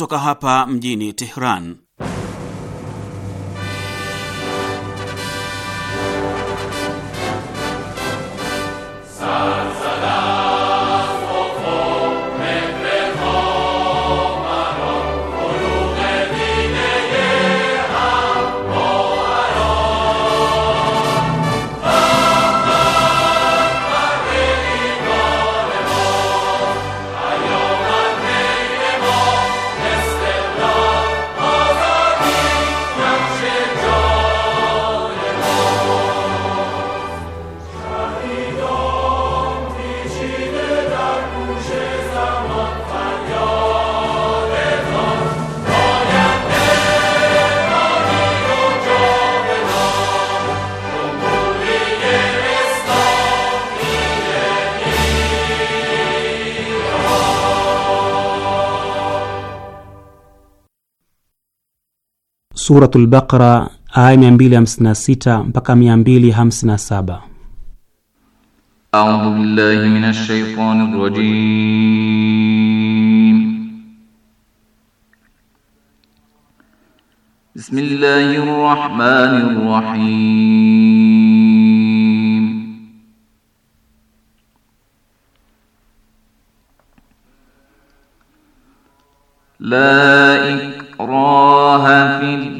Toka hapa mjini Tehran. Suratul Baqara aya sita mpaka 257. A'udhu billahi minash shaitani rajim. Bismillahir Rahmanir Rahim. La ikraha fil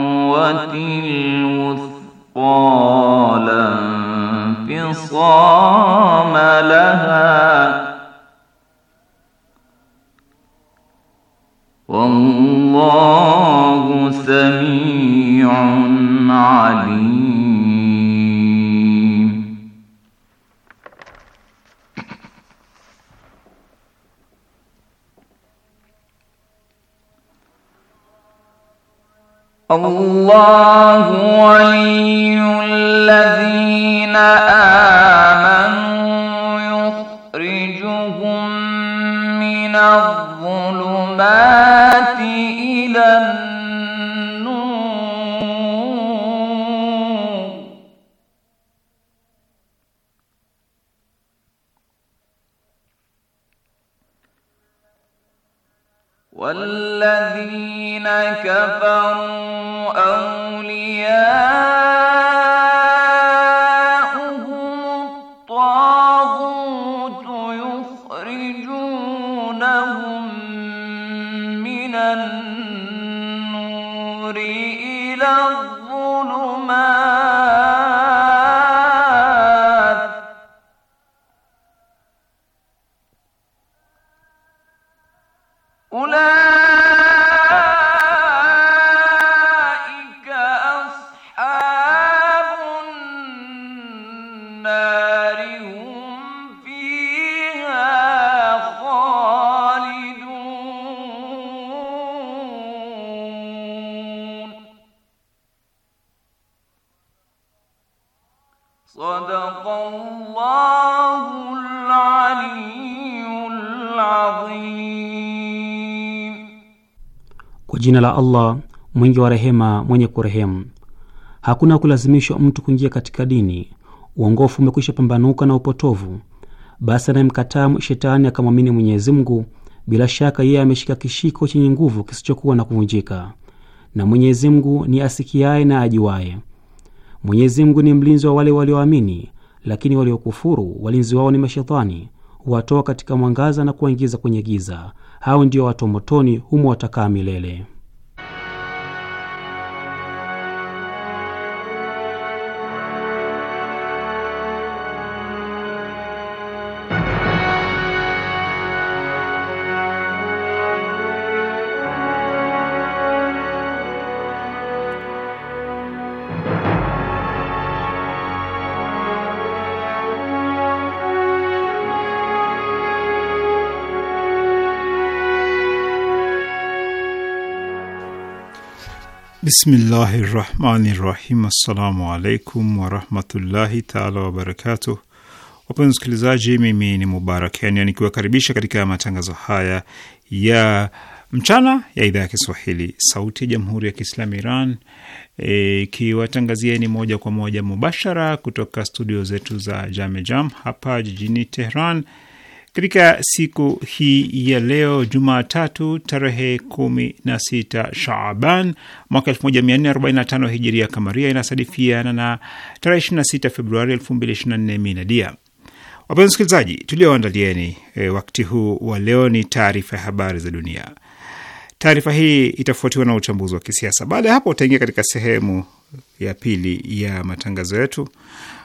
العروة انفصام لها والله سميع عليم الله ولي الذين آمنوا يخرجهم من الظلمات إلى النور والذين كفروا أو Kwa jina la Allah mwingi wa rehema mwenye kurehemu. Hakuna kulazimishwa mtu kuingia katika dini. Uongofu umekwisha pambanuka na upotovu. Basi anayemkataa shetani akamwamini Mwenyezi Mungu, bila shaka yeye ameshika kishiko chenye nguvu kisichokuwa na kuvunjika, na Mwenyezi Mungu ni asikiaye na ajuaye. Mwenyezi Mungu ni mlinzi wa wale walioamini, lakini waliokufuru walinzi wao ni mashetani, huwatoa katika mwangaza na kuwaingiza kwenye giza. Hao ndio watu motoni humo watakaa milele. Bismillahi rahmani rahim. Assalamu alaikum warahmatullahi taala wabarakatuh. Wapenzi msikilizaji mimi ni Mubarak Kenya nikiwakaribisha katika matangazo haya ya mchana ya idhaa ya Kiswahili sauti ya jamhuri ya Kiislamu Iran ikiwatangazieni e, moja kwa moja mubashara kutoka studio zetu za Jamejam hapa jijini Tehran katika siku hii ya leo Jumatatu tarehe 16 Shaaban mwaka 1445 hijiria kamaria, inasadifiana na tarehe 26 Februari 224 minadia. Wapenzi wasikilizaji, tulioandalieni e, wakati huu wa leo ni taarifa ya habari za dunia. Taarifa hii itafuatiwa na uchambuzi wa kisiasa. Baada ya hapo, utaingia katika sehemu ya pili ya matangazo yetu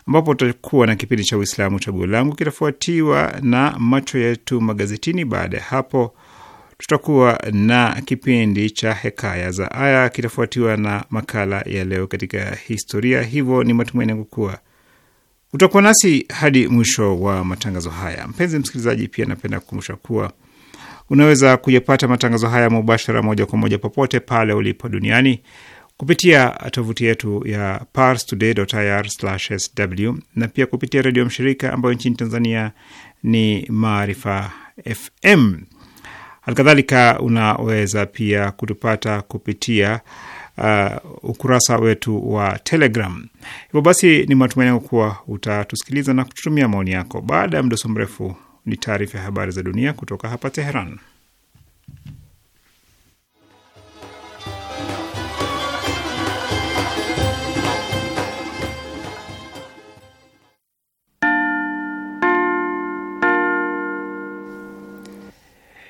ambapo tutakuwa na kipindi cha Uislamu Chaguo Langu, kitafuatiwa na Macho Yetu Magazetini. Baada ya hapo tutakuwa na kipindi cha Hekaya za Aya, kitafuatiwa na makala ya Leo katika Historia. Hivyo ni matumaini yangu kuwa utakuwa nasi hadi mwisho wa matangazo haya. Mpenzi msikilizaji, pia napenda kukumbusha kuwa unaweza kuyapata matangazo haya mubashara, moja kwa moja, popote pale ulipo duniani kupitia tovuti yetu ya parstoday.ir/sw na pia kupitia redio mshirika ambayo nchini Tanzania ni Maarifa FM. Halikadhalika unaweza pia kutupata kupitia uh, ukurasa wetu wa Telegram. Hivyo basi, ni matumaini yangu kuwa utatusikiliza na kututumia maoni yako. Baada ya mdoso mrefu, ni taarifa ya habari za dunia kutoka hapa Teheran.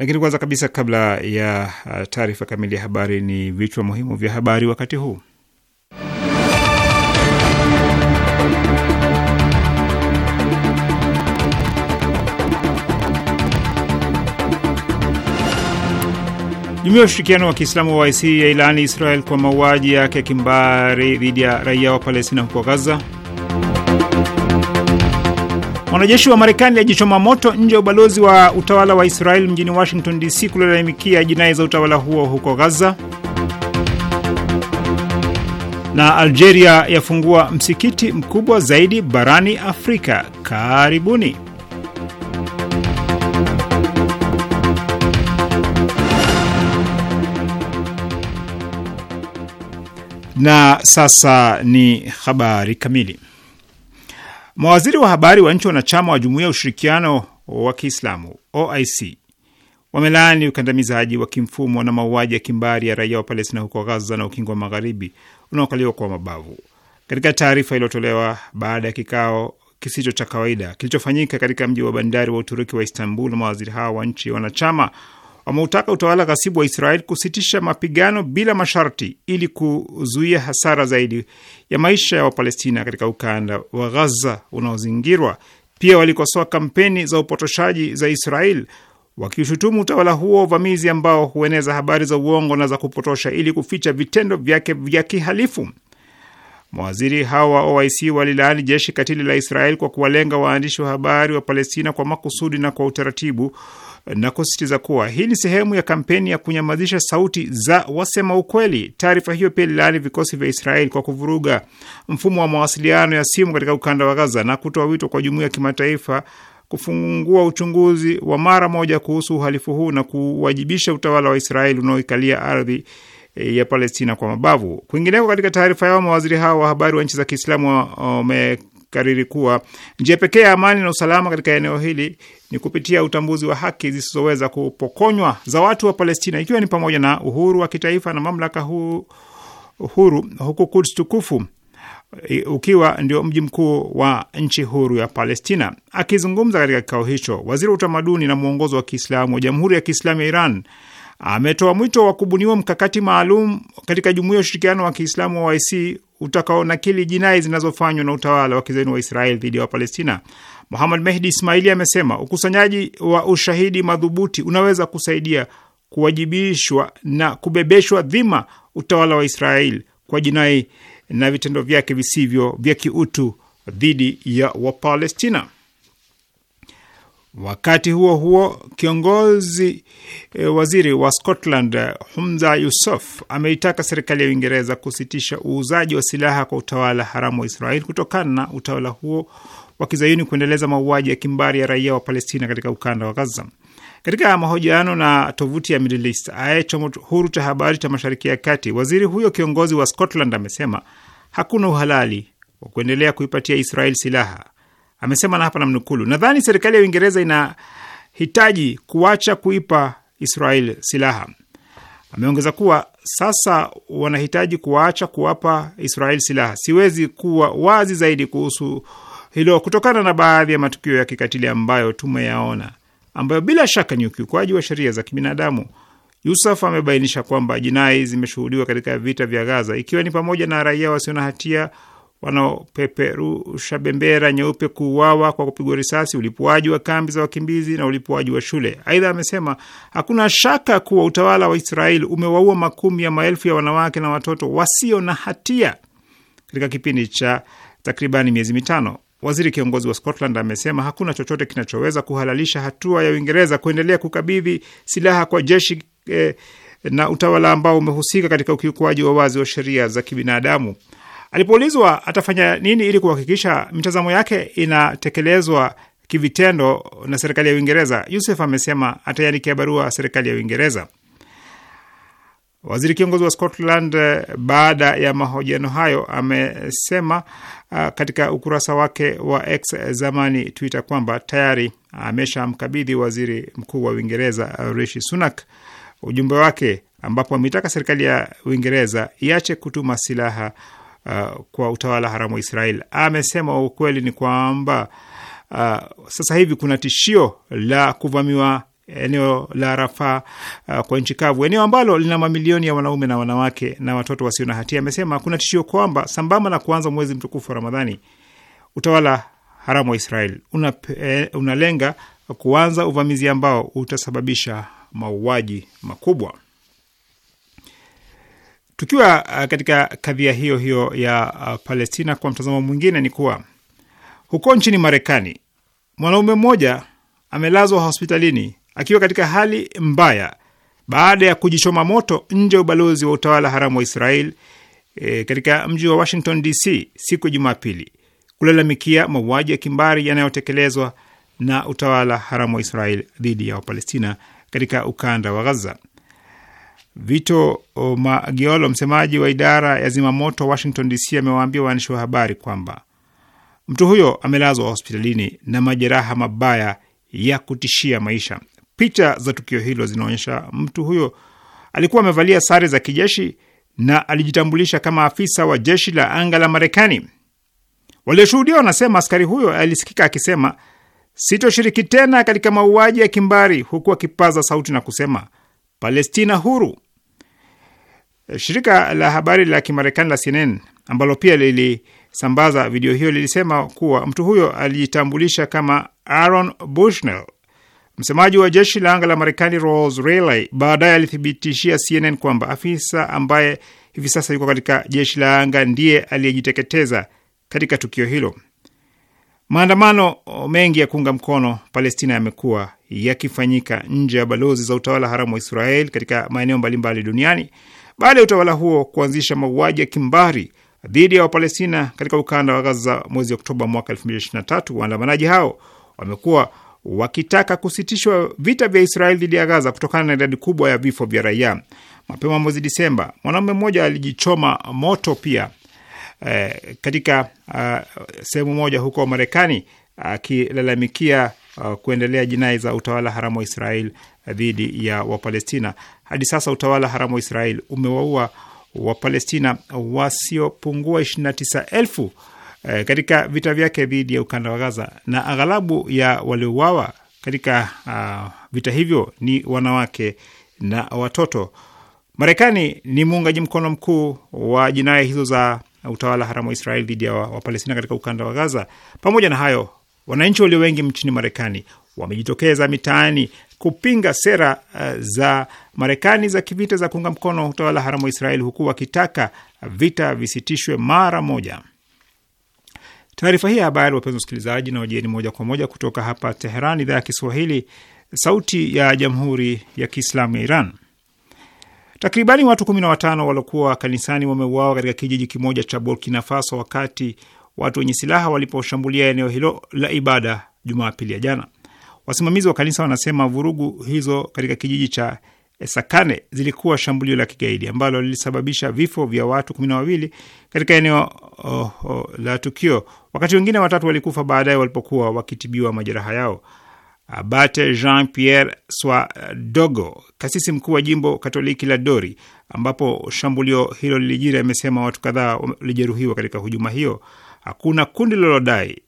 Lakini kwanza kabisa, kabla ya uh, taarifa kamili ya habari, ni vichwa muhimu vya habari wakati huu. Jumuiya ya ushirikiano wa Kiislamu wa OIC ya Israel kwa mauaji yake ya kimbari dhidi ya raia wa Palestina huko Gaza. Wanajeshi wa Marekani alijichoma moto nje ya ubalozi wa utawala wa Israel mjini Washington DC kulalamikia jinai za utawala huo huko Gaza. Na Algeria yafungua msikiti mkubwa zaidi barani Afrika. Karibuni. Na sasa ni habari kamili. Mawaziri wa habari wa nchi wanachama wa Jumuiya ya Ushirikiano wa Kiislamu OIC wamelaani ukandamizaji wa kimfumo na mauaji ya kimbari ya raia wa Palestina huko Gaza na Ukingo wa Magharibi unaokaliwa kwa mabavu. Katika taarifa iliyotolewa baada ya kikao kisicho cha kawaida kilichofanyika katika mji wa bandari wa Uturuki wa Istanbul, mawaziri hao wa nchi wanachama wameutaka utawala ghasibu wa Israel kusitisha mapigano bila masharti ili kuzuia hasara zaidi ya maisha ya Wapalestina katika ukanda wa Ghaza unaozingirwa. Pia walikosoa kampeni za upotoshaji za Israel wakiushutumu utawala huo uvamizi ambao hueneza habari za uongo na za kupotosha ili kuficha vitendo vyake vya kihalifu. Mawaziri hawa wa OIC walilaani jeshi katili la Israel kwa kuwalenga waandishi wa habari wa Palestina kwa makusudi na kwa utaratibu na kusisitiza kuwa hii ni sehemu ya kampeni ya kunyamazisha sauti za wasema ukweli. Taarifa hiyo pia ililaani vikosi vya Israeli kwa kuvuruga mfumo wa mawasiliano ya simu katika ukanda wa Gaza na kutoa wito kwa jumuiya ya kimataifa kufungua uchunguzi wa mara moja kuhusu uhalifu huu na kuwajibisha utawala wa Israeli unaoikalia ardhi e, ya Palestina kwa mabavu. Kwingineko, katika taarifa yao, mawaziri hao wa habari wa nchi za Kiislamu wame kukariri kuwa njia pekee ya amani na usalama katika eneo hili ni kupitia utambuzi wa haki zisizoweza kupokonywa za watu wa Palestina, ikiwa ni pamoja na uhuru wa kitaifa na mamlaka huru, huku Kuds tukufu ukiwa ndio mji mkuu wa nchi huru ya Palestina. Akizungumza katika kikao hicho, waziri wa utamaduni na mwongozo wa Kiislamu wa Jamhuri ya Kiislamu ya Iran ametoa mwito wa kubuniwa mkakati maalum katika Jumuiya ya Ushirikiano wa Kiislamu wa OIC utakaonakili jinai zinazofanywa na utawala wa kizeni wa Israel dhidi ya Wapalestina. Muhamad Mehdi Ismaili amesema ukusanyaji wa ushahidi madhubuti unaweza kusaidia kuwajibishwa na kubebeshwa dhima utawala wa Israel kwa jinai na vitendo vyake visivyo vya kiutu dhidi ya Wapalestina. Wakati huo huo, kiongozi e, waziri wa Scotland eh, Humza Yusuf ameitaka serikali ya Uingereza kusitisha uuzaji wa silaha kwa utawala haramu wa Israeli kutokana na utawala huo wa kizayuni kuendeleza mauaji ya kimbari ya raia wa Palestina katika ukanda wa Gaza. Katika mahojiano na tovuti ya Middle East Eye, chombo huru cha habari cha Mashariki ya Kati, waziri huyo kiongozi wa Scotland amesema hakuna uhalali wa kuendelea kuipatia Israel silaha amesema, na hapa namnukulu, nadhani serikali ya Uingereza inahitaji kuacha kuipa Israel silaha. Ameongeza kuwa sasa wanahitaji kuwaacha kuwapa Israel silaha. Siwezi kuwa wazi zaidi kuhusu hilo kutokana na baadhi ya matukio ya kikatili ambayo tumeyaona, ambayo bila shaka ni ukiukwaji wa sheria za kibinadamu. Yusuf amebainisha kwamba jinai zimeshuhudiwa katika vita vya Gaza, ikiwa ni pamoja na raia wasio na hatia wanaopeperusha bendera nyeupe kuuawa kwa kupigwa risasi, ulipuaji wa kambi za wakimbizi na ulipuaji wa shule. Aidha, amesema hakuna shaka kuwa utawala wa Israeli umewaua makumi ya maelfu ya wanawake na watoto wasio na hatia katika kipindi cha takribani miezi mitano. Waziri kiongozi wa Scotland amesema hakuna chochote kinachoweza kuhalalisha hatua ya Uingereza kuendelea kukabidhi silaha kwa jeshi eh, na utawala ambao umehusika katika ukiukwaji wa wazi wa sheria za kibinadamu. Alipoulizwa atafanya nini ili kuhakikisha mitazamo yake inatekelezwa kivitendo na serikali ya Uingereza, Yusuf amesema ataiandikia barua serikali ya Uingereza. Waziri kiongozi wa Scotland baada ya mahojiano hayo amesema uh, katika ukurasa wake wa X zamani Twitter kwamba tayari ameshamkabidhi waziri mkuu wa Uingereza uh, Rishi Sunak ujumbe wake ambapo ameitaka serikali ya Uingereza iache kutuma silaha uh, kwa utawala haramu wa Israel. Amesema ukweli ni kwamba uh, sasa hivi kuna tishio la kuvamiwa eneo la Rafa uh, kwa nchi kavu, eneo ambalo lina mamilioni ya wanaume na wanawake na watoto wasio na hatia. Amesema kuna tishio kwamba sambamba na kuanza mwezi mtukufu wa Ramadhani, utawala haramu wa Israel una, eh, unalenga kuanza uvamizi ambao utasababisha mauaji makubwa. Tukiwa uh, katika kadhia hiyo hiyo ya uh, Palestina, kwa mtazamo mwingine ni kuwa huko nchini Marekani mwanaume mmoja amelazwa hospitalini akiwa katika hali mbaya baada ya kujichoma moto nje ya ubalozi wa utawala haramu wa Israel e, katika mji wa Washington DC siku ya Jumapili kulalamikia mauaji ya kimbari yanayotekelezwa na utawala haramu wa Israel dhidi ya Wapalestina katika ukanda wa Gaza. Vito Magiolo, msemaji wa idara ya zimamoto Washington DC, amewaambia waandishi wa habari kwamba mtu huyo amelazwa hospitalini na majeraha mabaya ya kutishia maisha. Picha za tukio hilo zinaonyesha mtu huyo alikuwa amevalia sare za kijeshi na alijitambulisha kama afisa wa jeshi la anga la Marekani. Walioshuhudia wanasema askari huyo alisikika akisema, sitoshiriki tena katika mauaji ya kimbari, huku akipaza sauti na kusema Palestina huru. Eh, shirika la habari la Kimarekani la CNN ambalo pia lilisambaza video hiyo lilisema kuwa mtu huyo alijitambulisha kama Aaron Bushnell. Msemaji wa jeshi la anga la Marekani Rolls Reilly baadaye alithibitishia CNN kwamba afisa ambaye hivi sasa yuko katika jeshi la anga ndiye aliyejiteketeza katika tukio hilo. Maandamano mengi ya kuunga mkono Palestina yamekuwa yakifanyika nje ya balozi za utawala haramu wa Israel katika maeneo mbalimbali duniani baada ya utawala huo kuanzisha mauaji ya kimbari dhidi ya Wapalestina katika ukanda wa Gaza mwezi Oktoba mwaka 2023. Waandamanaji hao wamekuwa wakitaka kusitishwa vita vya Israel dhidi ya Gaza kutokana na idadi kubwa ya vifo vya raia. Mapema mwezi Disemba, mwanaume mmoja alijichoma moto pia eh, katika uh, sehemu moja huko Marekani akilalamikia uh, kuendelea jinai za utawala haramu wa Israel dhidi ya Wapalestina. Hadi sasa utawala haramu wa Israel umewaua Wapalestina wasiopungua 29,000 e, eh, katika vita vyake dhidi ya ukanda wa Gaza, na aghalabu ya waliouawa katika uh, vita hivyo ni wanawake na watoto. Marekani ni muungaji mkono mkuu wa jinai hizo za utawala haramu wa Israel dhidi ya Wapalestina katika ukanda wa Gaza. Pamoja na hayo Wananchi walio wengi nchini Marekani wamejitokeza mitaani kupinga sera uh, za Marekani za kivita za kuunga mkono utawala haramu wa Israeli, huku wakitaka vita visitishwe mara moja. Taarifa hii ya habari, wapenzi wasikilizaji, na wajieni moja kwa moja kutoka hapa Teheran, idhaa ya Kiswahili, sauti ya jamhuri ya kiislamu ya Iran. Takribani watu kumi na watano waliokuwa kanisani wameuawa katika kijiji kimoja cha Burkina Faso wakati watu wenye silaha waliposhambulia eneo hilo la ibada Jumapili ya jana. Wasimamizi wa kanisa wanasema vurugu hizo katika kijiji cha Sakane zilikuwa shambulio la kigaidi ambalo lilisababisha vifo vya watu kumi na wawili katika eneo oh, oh, la tukio. Wakati wengine watatu walikufa baadaye walipokuwa wakitibiwa majeraha yao. Abate Jean Pierre Swadogo, kasisi mkuu wa jimbo Katoliki la Dori ambapo shambulio hilo lilijiri, amesema watu kadhaa walijeruhiwa katika hujuma hiyo. Hakuna kundi lilodai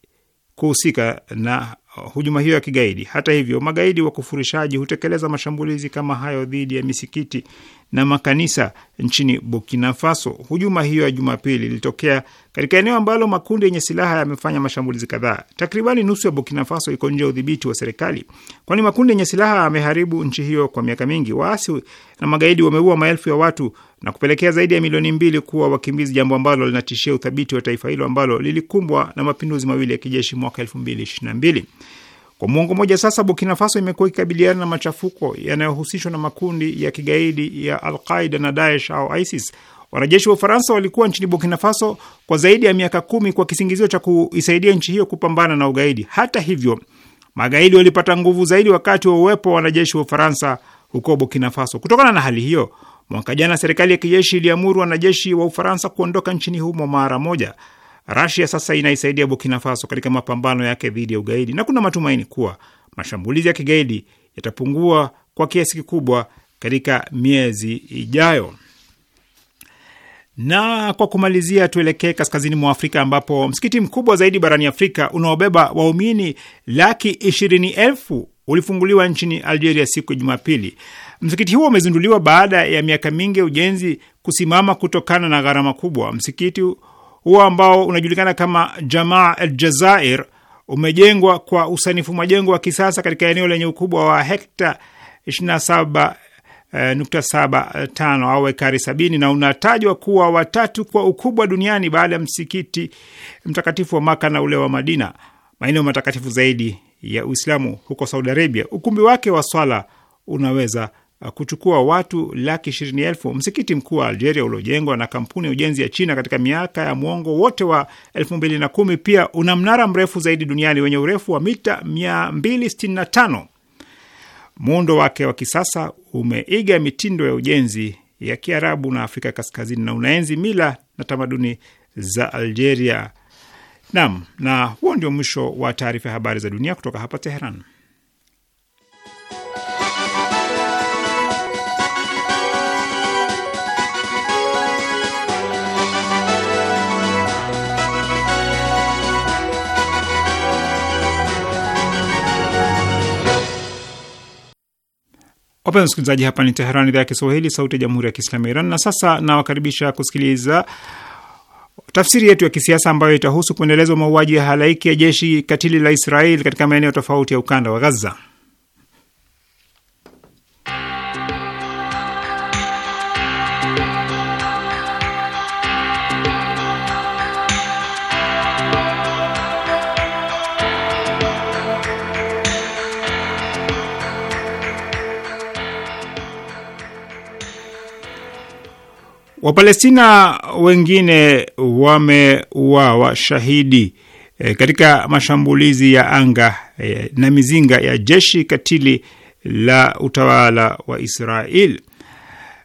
kuhusika na hujuma hiyo ya kigaidi. Hata hivyo, magaidi wakufurishaji hutekeleza mashambulizi kama hayo dhidi ya misikiti na makanisa nchini Burkina Faso. Hujuma hiyo ya Jumapili ilitokea katika eneo ambalo makundi yenye silaha yamefanya mashambulizi kadhaa. Takribani nusu ya Burkina Faso iko nje ya udhibiti wa serikali, kwani makundi yenye silaha yameharibu nchi hiyo kwa miaka mingi. Waasi na magaidi wameua maelfu ya watu na kupelekea zaidi ya milioni mbili kuwa wakimbizi, jambo ambalo linatishia uthabiti wa taifa hilo ambalo lilikumbwa na mapinduzi mawili ya kijeshi mwaka elfu mbili na mbili. Kwa mwongo mmoja sasa, Burkina Faso imekuwa ikikabiliana na machafuko yanayohusishwa na makundi ya kigaidi ya Al-Qaida na Daesh au ISIS. Wanajeshi wa Ufaransa walikuwa nchini Burkina Faso kwa zaidi ya miaka kumi kwa kisingizio cha kuisaidia nchi hiyo kupambana na ugaidi. Hata hivyo, magaidi walipata nguvu zaidi wakati wa uwepo wa wanajeshi wa Ufaransa huko Burkina Faso. Kutokana na hali hiyo, Mwaka jana serikali ya kijeshi iliamuru wanajeshi wa Ufaransa kuondoka nchini humo mara moja. Rasia sasa inaisaidia Burkina Faso katika mapambano yake dhidi ya ugaidi na kuna matumaini kuwa mashambulizi ya kigaidi yatapungua kwa kiasi kikubwa katika miezi ijayo. Na kwa kumalizia, tuelekee kaskazini mwa Afrika ambapo msikiti mkubwa zaidi barani Afrika unaobeba waumini laki ishirini elfu ulifunguliwa nchini Algeria siku ya Jumapili. Msikiti huo umezinduliwa baada ya miaka mingi ya ujenzi kusimama kutokana na gharama kubwa. Msikiti huo ambao unajulikana kama Jamaa al Jazair umejengwa kwa usanifu majengo wa kisasa katika eneo lenye ukubwa wa hekta 27.75 eh, eh, au ekari 70 na unatajwa kuwa watatu kwa ukubwa duniani baada ya msikiti mtakatifu wa Maka na ule wa Madina, maeneo matakatifu zaidi ya Uislamu huko Saudi Arabia. Ukumbi wake wa swala unaweza kuchukua watu laki ishirini elfu. Msikiti mkuu wa Algeria uliojengwa na kampuni ya ujenzi ya China katika miaka ya mwongo wote wa elfu mbili na kumi pia una mnara mrefu zaidi duniani wenye urefu wa mita tano. Muundo wake wa kisasa umeiga mitindo ya ujenzi ya Kiarabu na Afrika Kaskazini na unaenzi mila na tamaduni za Algeria. Naam, na huo ndio mwisho wa taarifa ya habari za dunia kutoka hapa Teheran. Wapenzi msikilizaji hapa ni Teheran, idhaa ya Kiswahili, sauti ya jamhuri ya kiislamu ya Iran. Na sasa nawakaribisha kusikiliza tafsiri yetu ya kisiasa ambayo itahusu kuendelezwa mauaji ya halaiki ya jeshi katili la Israeli katika maeneo tofauti ya ukanda wa Gaza. Wapalestina wengine wameuawa shahidi e, katika mashambulizi ya anga e, na mizinga ya jeshi katili la utawala wa Israel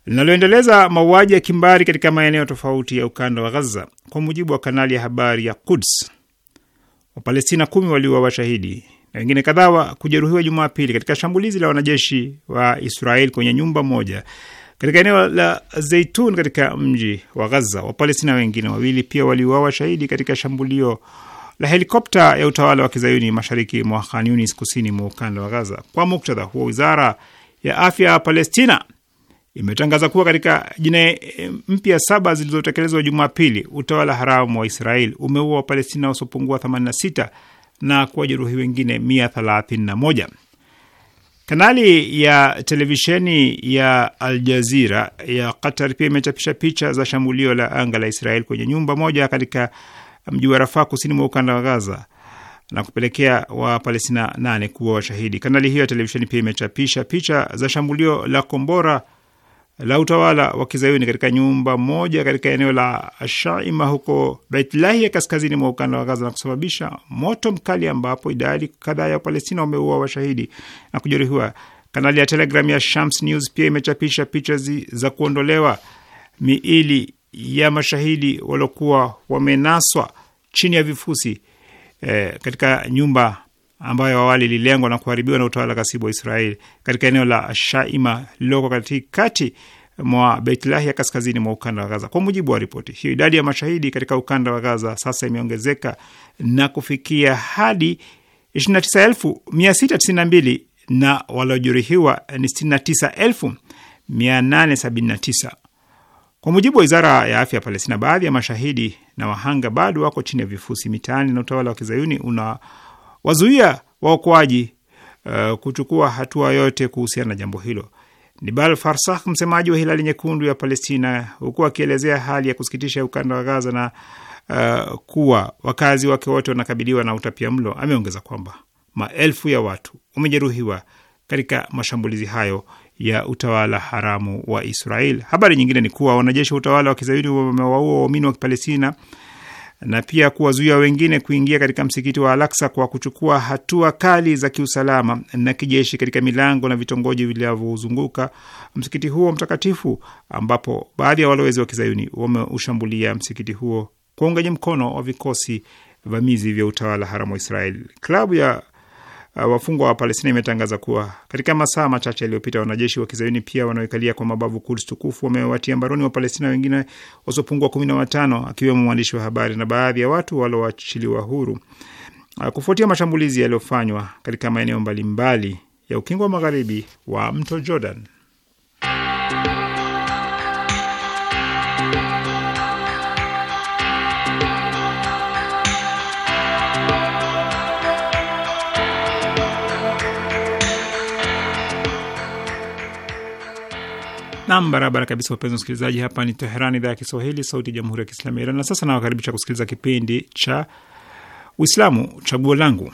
linaloendeleza mauaji ya kimbari katika maeneo tofauti ya ukanda wa Gaza. Kwa mujibu wa kanali ya habari ya Quds, Wapalestina kumi waliuawa shahidi na wengine kadhaa kujeruhiwa Jumapili katika shambulizi la wanajeshi wa Israel kwenye nyumba moja katika eneo la Zeitun katika mji wa Gaza, Wapalestina wengine wawili pia waliuawa shahidi katika shambulio la helikopta ya utawala wa kizayuni mashariki mwa Khan Yunis, kusini mwa ukanda wa Gaza. Kwa muktadha huo, wizara ya afya ya Palestina imetangaza kuwa katika jinai eh, mpya saba zilizotekelezwa Jumapili, utawala haramu wa israel umeua Wapalestina wasiopungua 86 na kuwajeruhi wengine 131. Kanali ya televisheni ya Al ya Qatar pia imechapisha picha za shambulio la anga la Israel kwenye nyumba moja katika mji wa Rafaa kusini mwa ukanda wa Gaza na kupelekea Wapalestina nane kuwa washahidi. Kanali hiyo ya televisheni pia imechapisha picha za shambulio la kombora la utawala wa kizayuni katika nyumba moja katika eneo la Shaima huko ya kaskazini mwa ukanda wa Gaza na kusababisha moto mkali ambapo idadi kadhaa ya Wapalestina wameua washahidi na kujeruhiwa. Kanali ya Telegram ya Shams News pia imechapisha picha za kuondolewa miili ya mashahidi waliokuwa wamenaswa chini ya vifusi eh, katika nyumba ambayo awali ililengwa na kuharibiwa na utawala kasibu wa Israeli katika eneo la Shaima lioko katikati mwa Beitlahi kaskazini mwa ukanda wa Gaza. Kwa mujibu wa ripoti hiyo, idadi ya mashahidi katika ukanda wa Gaza sasa imeongezeka na kufikia hadi 29692 na waliojeruhiwa ni 69879 kwa mujibu wa wizara ya afya ya Palestina. Baadhi ya mashahidi na wahanga bado wako chini ya vifusi mitaani na utawala wa kizayuni una wazuia waokoaji uh, kuchukua hatua yote kuhusiana na jambo hilo. Nibal Farsah, msemaji wa Hilali Nyekundu ya Palestina, huku akielezea hali ya kusikitisha ya ukanda wa Gaza na uh, kuwa wakazi wake wote wanakabiliwa na utapia mlo, ameongeza kwamba maelfu ya watu wamejeruhiwa katika mashambulizi hayo ya utawala haramu wa Israel. Habari nyingine ni kuwa wanajeshi wa utawala wa kizayuni wamewaua waumini wa Kipalestina na pia kuwazuia wengine kuingia katika msikiti wa Al-Aqsa kwa kuchukua hatua kali za kiusalama na kijeshi katika milango na vitongoji vilivyozunguka msikiti huo mtakatifu, ambapo baadhi ya walowezi wa kizayuni wameushambulia msikiti huo kwa uungaji mkono wa vikosi vamizi vya utawala haramu wa Israeli. Klabu ya Uh, wafungwa wa Palestina imetangaza kuwa katika masaa machache yaliyopita wanajeshi wa kizayuni pia wanaoikalia kwa mabavu Kuds tukufu wamewatia mbaroni wa Palestina wengine wasiopungua kumi na watano akiwemo mwandishi wa habari na baadhi ya watu walioachiliwa huru uh, kufuatia mashambulizi yaliyofanywa katika maeneo mbalimbali ya ukingo wa magharibi wa mto Jordan. Nam, barabara kabisa, wapenzi wasikilizaji, hapa ni Teheran, idhaa ya Kiswahili, sauti ya jamhuri ya kiislamu ya Iran. Na sasa nawakaribisha kusikiliza kipindi cha Uislamu chaguo langu.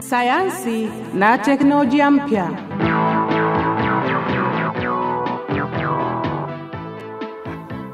Sayansi na teknolojia mpya.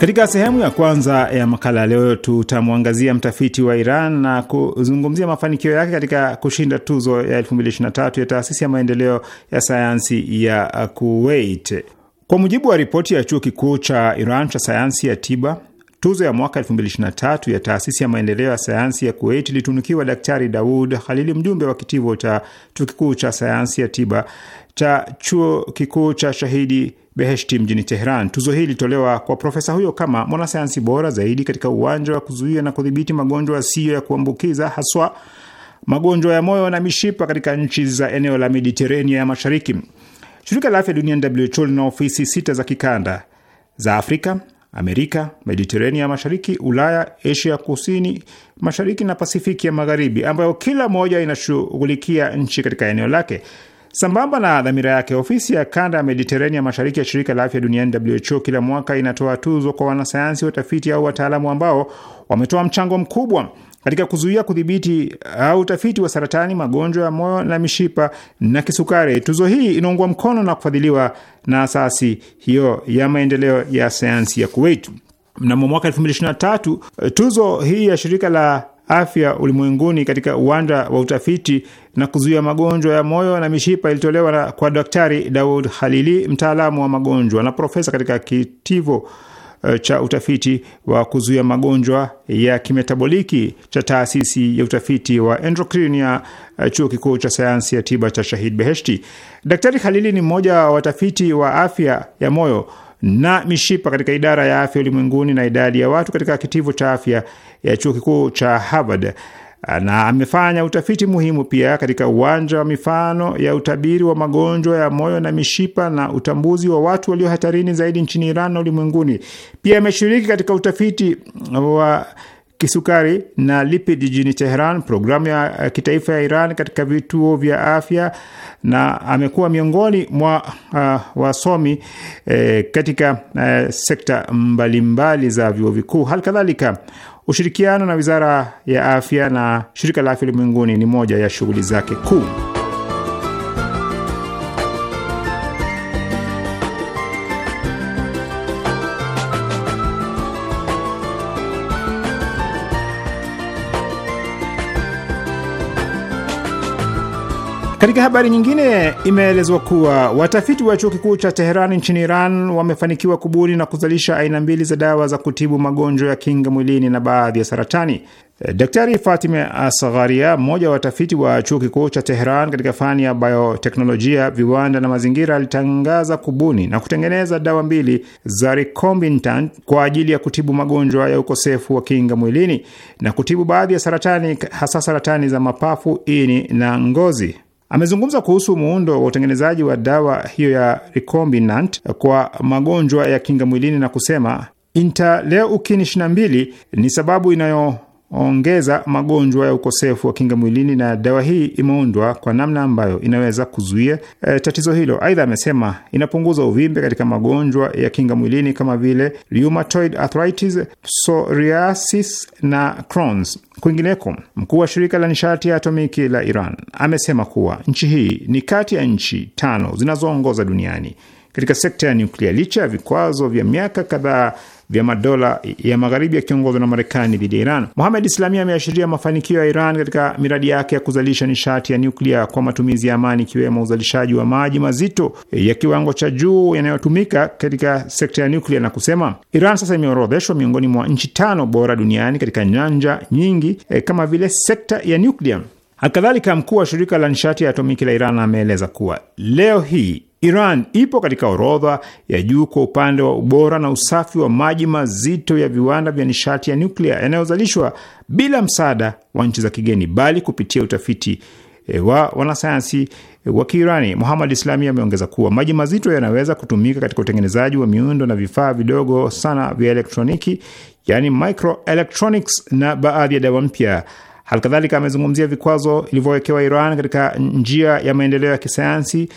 Katika sehemu ya kwanza ya makala leo tutamwangazia mtafiti wa Iran na kuzungumzia mafanikio yake katika kushinda tuzo ya 2023 ya taasisi ya maendeleo ya sayansi ya Kuwait. Kwa mujibu wa ripoti ya chuo kikuu cha Iran cha sayansi ya tiba, Tuzo ya mwaka 2023 ya taasisi ya maendeleo ya sayansi ya Kuwait ilitunukiwa Daktari Daud Khalili, mjumbe wa kitivo cha chuo kikuu cha sayansi ya tiba cha chuo kikuu cha Shahidi Beheshti mjini Tehran. Tuzo hii ilitolewa kwa profesa huyo kama mwanasayansi bora zaidi katika uwanja wa kuzuia na kudhibiti magonjwa yasiyo ya kuambukiza haswa magonjwa ya moyo na mishipa katika nchi za eneo la Mediterania ya Mashariki. Shirika la Afya Duniani WHO lina ofisi sita za kikanda za Afrika, Amerika, Mediterania Mashariki, Ulaya, Asia Kusini Mashariki na Pasifiki ya Magharibi, ambayo kila moja inashughulikia nchi katika eneo lake. Sambamba na dhamira yake, ofisi ya kanda ya Mediterania Mashariki ya shirika la afya duniani WHO kila mwaka inatoa tuzo kwa wanasayansi, watafiti au wataalamu ambao wametoa mchango mkubwa katika kuzuia, kudhibiti au uh, utafiti wa saratani, magonjwa ya moyo na mishipa na kisukari. Tuzo hii inaungwa mkono na kufadhiliwa na asasi hiyo ya maendeleo ya sayansi ya Kuwait. Mnamo mwaka 2023 uh, tuzo hii ya shirika la afya ulimwenguni katika uwanja wa utafiti na kuzuia magonjwa ya moyo na mishipa ilitolewa kwa Daktari Daud Khalili, mtaalamu wa magonjwa na profesa katika kitivo Eh, cha utafiti wa kuzuia magonjwa ya kimetaboliki cha taasisi ya utafiti wa ya eh, chuo kikuu cha sayansi ya tiba cha Shahid Beheshti. Daktari Khalili ni mmoja wa watafiti wa afya ya moyo na mishipa katika idara ya afya ulimwenguni na idadi ya watu katika kitivo cha afya ya chuo kikuu cha Harvard na amefanya utafiti muhimu pia katika uwanja wa mifano ya utabiri wa magonjwa ya moyo na mishipa na utambuzi wa watu walio hatarini zaidi nchini Iran na ulimwenguni. Pia ameshiriki katika utafiti wa kisukari na lipid jijini Teheran, programu ya kitaifa ya Iran katika vituo vya afya, na amekuwa miongoni mwa uh, wasomi eh, katika uh, sekta mbalimbali za vyuo vikuu. Hali kadhalika Ushirikiano na Wizara ya Afya na Shirika la Afya Ulimwenguni ni moja ya shughuli zake kuu. Katika habari nyingine, imeelezwa kuwa watafiti wa chuo kikuu cha Teheran nchini Iran wamefanikiwa kubuni na kuzalisha aina mbili za dawa za kutibu magonjwa ya kinga mwilini na baadhi ya saratani. Eh, Daktari Fatime Asgharia, mmoja wa watafiti wa chuo kikuu cha Teheran katika fani ya bioteknolojia, viwanda na mazingira, alitangaza kubuni na kutengeneza dawa mbili za recombinant kwa ajili ya kutibu magonjwa ya ukosefu wa kinga mwilini na kutibu baadhi ya saratani, hasa saratani za mapafu, ini na ngozi. Amezungumza kuhusu muundo wa utengenezaji wa dawa hiyo ya recombinant kwa magonjwa ya kinga mwilini na kusema interleukin 22 ni sababu inayo ongeza magonjwa ya ukosefu wa kinga mwilini na dawa hii imeundwa kwa namna ambayo inaweza kuzuia e, tatizo hilo. Aidha, amesema inapunguza uvimbe katika magonjwa ya kinga mwilini kama vile rheumatoid arthritis, psoriasis na Crohn's. Kwingineko, mkuu wa shirika la nishati ya atomiki la Iran amesema kuwa nchi hii ni kati ya nchi tano zinazoongoza duniani katika sekta ya nyuklia licha ya vikwazo vya miaka kadhaa vya madola ya magharibi yakiongozwa na Marekani dhidi ya Iran. Mohamed Islami ameashiria mafanikio ya Iran katika miradi yake ya kuzalisha nishati ya nyuklia kwa matumizi ya amani, ikiwemo uzalishaji wa maji mazito ya kiwango cha juu yanayotumika katika sekta ya nyuklia na kusema Iran sasa imeorodheshwa miongoni mwa nchi tano bora duniani katika nyanja nyingi eh, kama vile sekta ya nyuklia. Halikadhalika, mkuu wa shirika la nishati ya atomiki la Iran ameeleza kuwa leo hii Iran ipo katika orodha ya juu kwa upande wa ubora na usafi wa maji mazito ya viwanda vya nishati ya nyuklia yanayozalishwa bila msaada wa nchi za kigeni, bali kupitia utafiti eh, wa wanasayansi eh, wa Kiirani. Muhamad Islami ameongeza kuwa maji mazito yanaweza kutumika katika utengenezaji wa miundo na vifaa vidogo sana vya elektroniki, yani microelectronics, na baadhi ya dawa mpya Halikadhalika amezungumzia vikwazo ilivyowekewa Iran katika njia ya maendeleo ya kisayansi,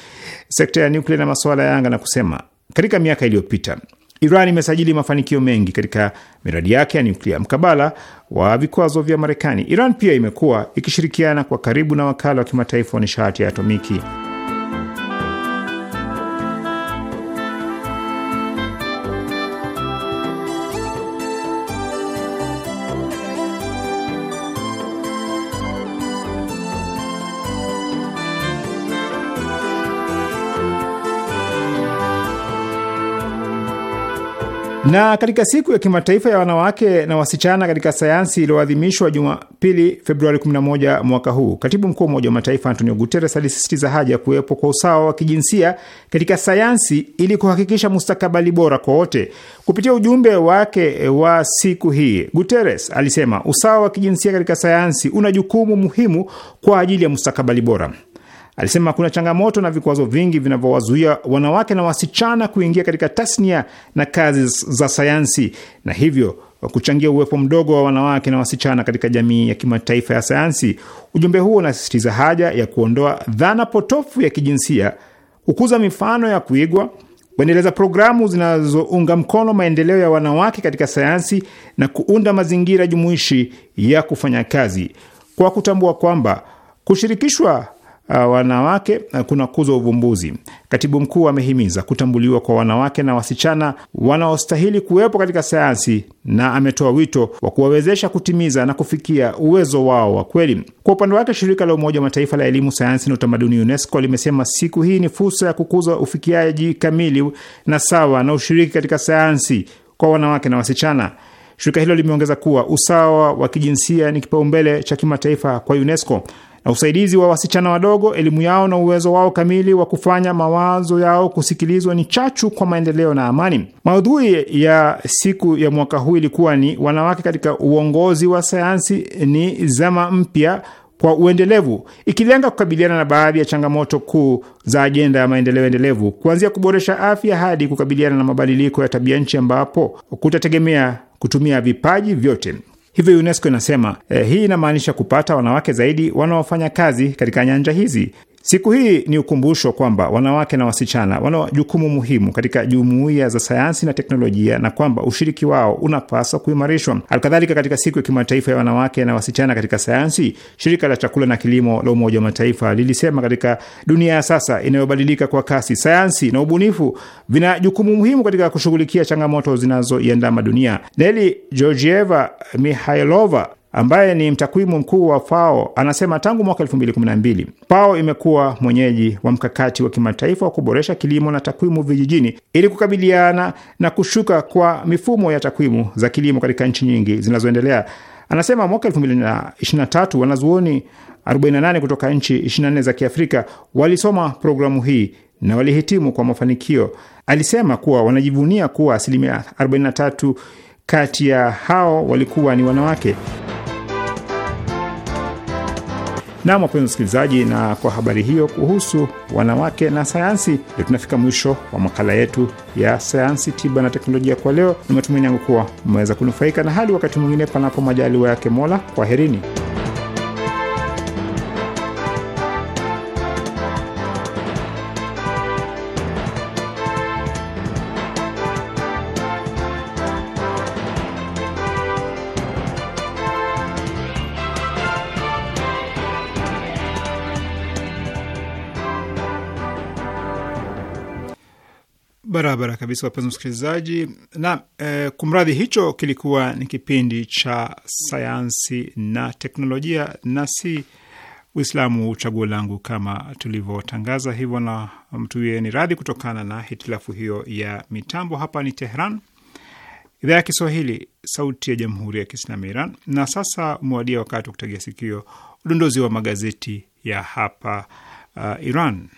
sekta ya nuklia na masuala ya anga, na kusema katika miaka iliyopita Iran imesajili mafanikio mengi katika miradi yake ya nuklia mkabala wa vikwazo vya Marekani. Iran pia imekuwa ikishirikiana kwa karibu na wakala wa kimataifa wa nishati ya atomiki. Na katika siku ya kimataifa ya wanawake na wasichana katika sayansi iliyoadhimishwa Jumapili, Februari 11 mwaka huu, katibu mkuu wa Umoja wa Mataifa Antonio Guterres alisisitiza haja ya kuwepo kwa usawa wa kijinsia katika sayansi ili kuhakikisha mustakabali bora kwa wote. Kupitia ujumbe wake wa siku hii, Guterres alisema usawa wa kijinsia katika sayansi una jukumu muhimu kwa ajili ya mustakabali bora. Alisema kuna changamoto na vikwazo vingi vinavyowazuia wanawake na wasichana kuingia katika tasnia na kazi za sayansi na hivyo kuchangia uwepo mdogo wa wanawake na wasichana katika jamii ya kimataifa ya sayansi. Ujumbe huo unasisitiza haja ya kuondoa dhana potofu ya kijinsia, kukuza mifano ya kuigwa, kuendeleza programu zinazounga mkono maendeleo ya wanawake katika sayansi na kuunda mazingira jumuishi ya kufanya kazi, kwa kutambua kwamba kushirikishwa Uh, wanawake uh, kunakuzwa uvumbuzi. Katibu mkuu amehimiza kutambuliwa kwa wanawake na wasichana wanaostahili kuwepo katika sayansi na ametoa wito wa kuwawezesha kutimiza na kufikia uwezo wao wa kweli. Kwa upande wake, shirika la Umoja wa Mataifa la elimu, sayansi na utamaduni, UNESCO, limesema siku hii ni fursa ya kukuza ufikiaji kamili na sawa na ushiriki katika sayansi kwa wanawake na wasichana. Shirika hilo limeongeza kuwa usawa wa kijinsia ni kipaumbele cha kimataifa kwa UNESCO na usaidizi wa wasichana wadogo. Elimu yao na uwezo wao kamili wa kufanya mawazo yao kusikilizwa ni chachu kwa maendeleo na amani. Maudhui ya siku ya mwaka huu ilikuwa ni wanawake katika uongozi wa sayansi, ni zama mpya kwa uendelevu, ikilenga kukabiliana na baadhi ya changamoto kuu za ajenda ya maendeleo endelevu, kuanzia kuboresha afya hadi kukabiliana na mabadiliko ya tabia nchi, ambapo kutategemea kutumia vipaji vyote. Hivyo UNESCO inasema eh, hii inamaanisha kupata wanawake zaidi wanaofanya kazi katika nyanja hizi. Siku hii ni ukumbusho kwamba wanawake na wasichana wana jukumu muhimu katika jumuiya za sayansi na teknolojia na kwamba ushiriki wao unapaswa kuimarishwa. Halikadhalika, katika siku ya kimataifa ya wanawake na wasichana katika sayansi, shirika la chakula na kilimo la Umoja wa Mataifa lilisema katika dunia ya sasa inayobadilika kwa kasi, sayansi na ubunifu vina jukumu muhimu katika kushughulikia changamoto zinazoiandama dunia. Neli Georgieva Mihailova ambaye ni mtakwimu mkuu wa FAO anasema tangu mwaka 2012 FAO imekuwa mwenyeji wa mkakati wa kimataifa wa kuboresha kilimo na takwimu vijijini ili kukabiliana na kushuka kwa mifumo ya takwimu za kilimo katika nchi nyingi zinazoendelea. Anasema mwaka 2023 wanazuoni 48 kutoka nchi 24 za Kiafrika walisoma programu hii na walihitimu kwa mafanikio. Alisema kuwa wanajivunia kuwa asilimia 43 kati ya hao walikuwa ni wanawake. Na wapenzi wasikilizaji, na kwa habari hiyo kuhusu wanawake na sayansi, ndio tunafika mwisho wa makala yetu ya sayansi, tiba na teknolojia kwa leo. Ni matumaini yangu kuwa mmeweza kunufaika, na hadi wakati mwingine, panapo majaliwa yake Mola, kwaherini. kabisa wapenzi msikilizaji, na e, kumradhi, hicho kilikuwa ni kipindi cha sayansi na teknolojia na si Uislamu uchaguo chaguo langu, kama tulivyotangaza hivyo, na mtuwie ni radhi kutokana na hitilafu hiyo ya mitambo. Hapa ni Tehran, idhaa ya Kiswahili, sauti ya jamhuri ya kiislamu ya Iran. Na sasa umewadia wakati wa kutegea sikio udondozi wa magazeti ya hapa uh, Iran.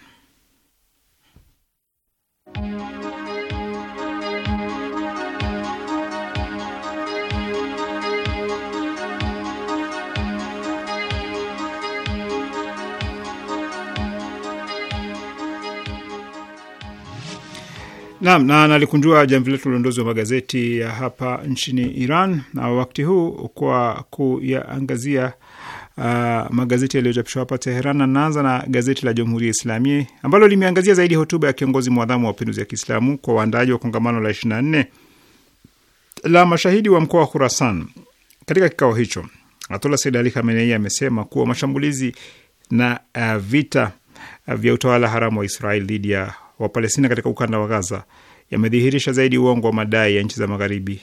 Naam, na nalikunjua jamvi letu liondozi wa magazeti ya hapa nchini Iran na wakati huu kwa kuyaangazia uh, magazeti yaliyochapishwa hapa Teheran, na naanza na gazeti la Jamhuri ya Islamia ambalo limeangazia zaidi hotuba ya kiongozi mwadhamu wa mapinduzi ya Kiislamu kwa waandaaji wa kongamano la 24 la mashahidi wa mkoa wa Khurasan. Katika kikao hicho, Atola Said Ali Khamenei amesema kuwa mashambulizi na uh, vita uh, vya utawala haramu wa Israel dhidi ya wa Palestina katika ukanda wa Gaza yamedhihirisha zaidi uongo wa madai ya nchi za magharibi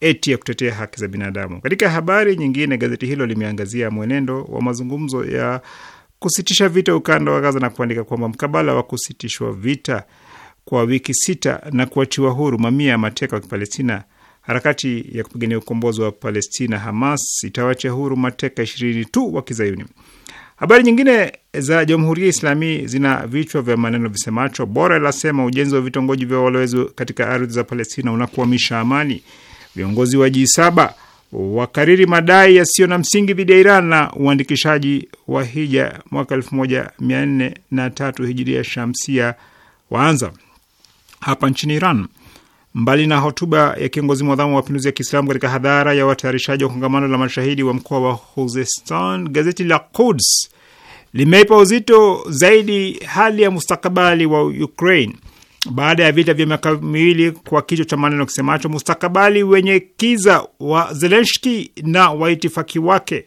eti ya kutetea haki za binadamu. Katika habari nyingine, gazeti hilo limeangazia mwenendo wa mazungumzo ya kusitisha vita ukanda wa Gaza na kuandika kwamba mkabala wa kusitishwa vita kwa wiki sita na kuachiwa huru mamia ya mateka wa Kipalestina, harakati ya kupigania ukombozi wa Palestina Hamas itawacha huru mateka ishirini tu wa Kizayuni. Habari nyingine za Jamhuri ya Islami zina vichwa vya maneno visemacho: Bora lasema ujenzi wa vitongoji vya walowezi katika ardhi za Palestina unakwamisha amani; viongozi wa G7 wakariri madai yasiyo na msingi dhidi ya Iran; na uandikishaji wa hija mwaka 1403 hijiria shamsia waanza hapa nchini Iran. Mbali na hotuba ya kiongozi mwadhamu wa mapinduzi ya Kiislamu katika hadhara ya watayarishaji wa kongamano la mashahidi wa mkoa wa Khuzestan, gazeti la Quds limeipa uzito zaidi hali ya mustakabali wa Ukraine baada ya vita vya miaka miwili, kwa kichwa cha maneno kisemacho mustakabali wenye kiza wa Zelenski na waitifaki wake.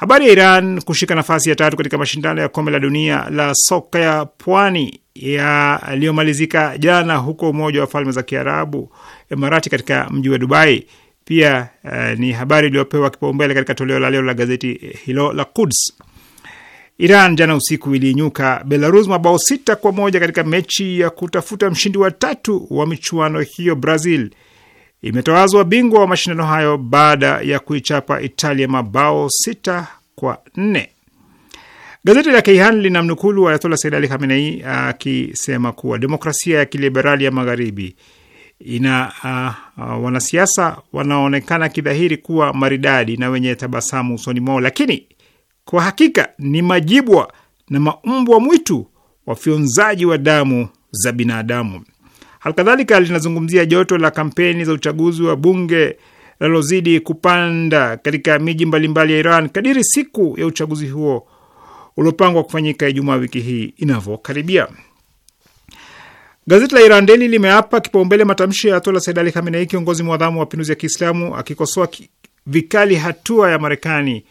Habari ya Iran kushika nafasi ya tatu katika mashindano ya kombe la dunia la soka ya pwani yaliyomalizika jana huko Umoja wa Falme za Kiarabu Emirati, katika mji wa Dubai pia uh, ni habari iliyopewa kipaumbele katika toleo la leo la gazeti eh, hilo la Quds. Iran jana usiku iliinyuka Belarus mabao sita kwa moja katika mechi ya kutafuta mshindi wa tatu wa michuano hiyo. Brazil imetawazwa bingwa wa mashindano hayo baada ya kuichapa Italia mabao sita kwa nne. Gazeti la Keihan lina mnukulu Ayatola Said Ali Khamenei uh, akisema kuwa demokrasia ya kiliberali ya magharibi ina uh, uh, wanasiasa wanaonekana kidhahiri kuwa maridadi na wenye tabasamu usoni mwao, lakini kwa hakika ni majibwa na maumbwa mwitu wafyonzaji wa damu za binadamu. Halikadhalika linazungumzia joto la kampeni za uchaguzi wa bunge linalozidi kupanda katika miji mbalimbali ya Iran kadiri siku ya uchaguzi huo uliopangwa kufanyika Ijumaa wiki hii inavyokaribia. Gazeti la Iran Daily limeapa kipaumbele matamshi ya Ayatollah Said Ali Khamenei, kiongozi mwadhamu wa mapinduzi ya Kiislamu, akikosoa vikali hatua ya Marekani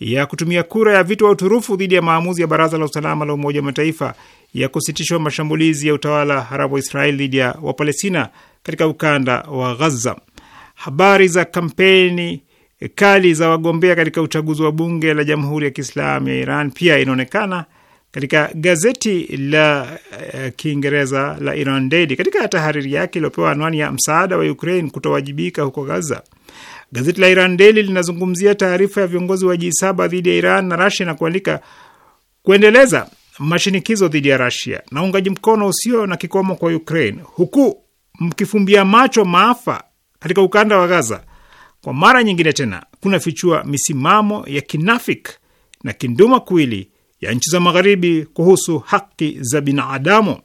ya kutumia kura ya vitu wa uturufu dhidi ya maamuzi ya Baraza la Usalama la Umoja wa Mataifa ya kusitishwa mashambulizi ya utawala haramu wa Israeli dhidi ya Wapalestina katika ukanda wa Ghaza. Habari za kampeni kali za wagombea katika uchaguzi wa bunge la Jamhuri ya Kiislamu ya Iran pia inaonekana katika gazeti la uh, Kiingereza la Iran Daily katika tahariri yake iliyopewa anwani ya msaada wa Ukraine kutowajibika huko Gaza. Gazeti la Iran Daily linazungumzia taarifa ya viongozi wa G7 dhidi ya Iran na Russia na kuandika kuendeleza mashinikizo dhidi ya Rasia na uungaji mkono usio na kikomo kwa Ukraine, huku mkifumbia macho maafa katika ukanda wa Gaza, kwa mara nyingine tena kunafichua misimamo ya kinafik na kinduma kuwili ya nchi za Magharibi kuhusu haki za binadamu.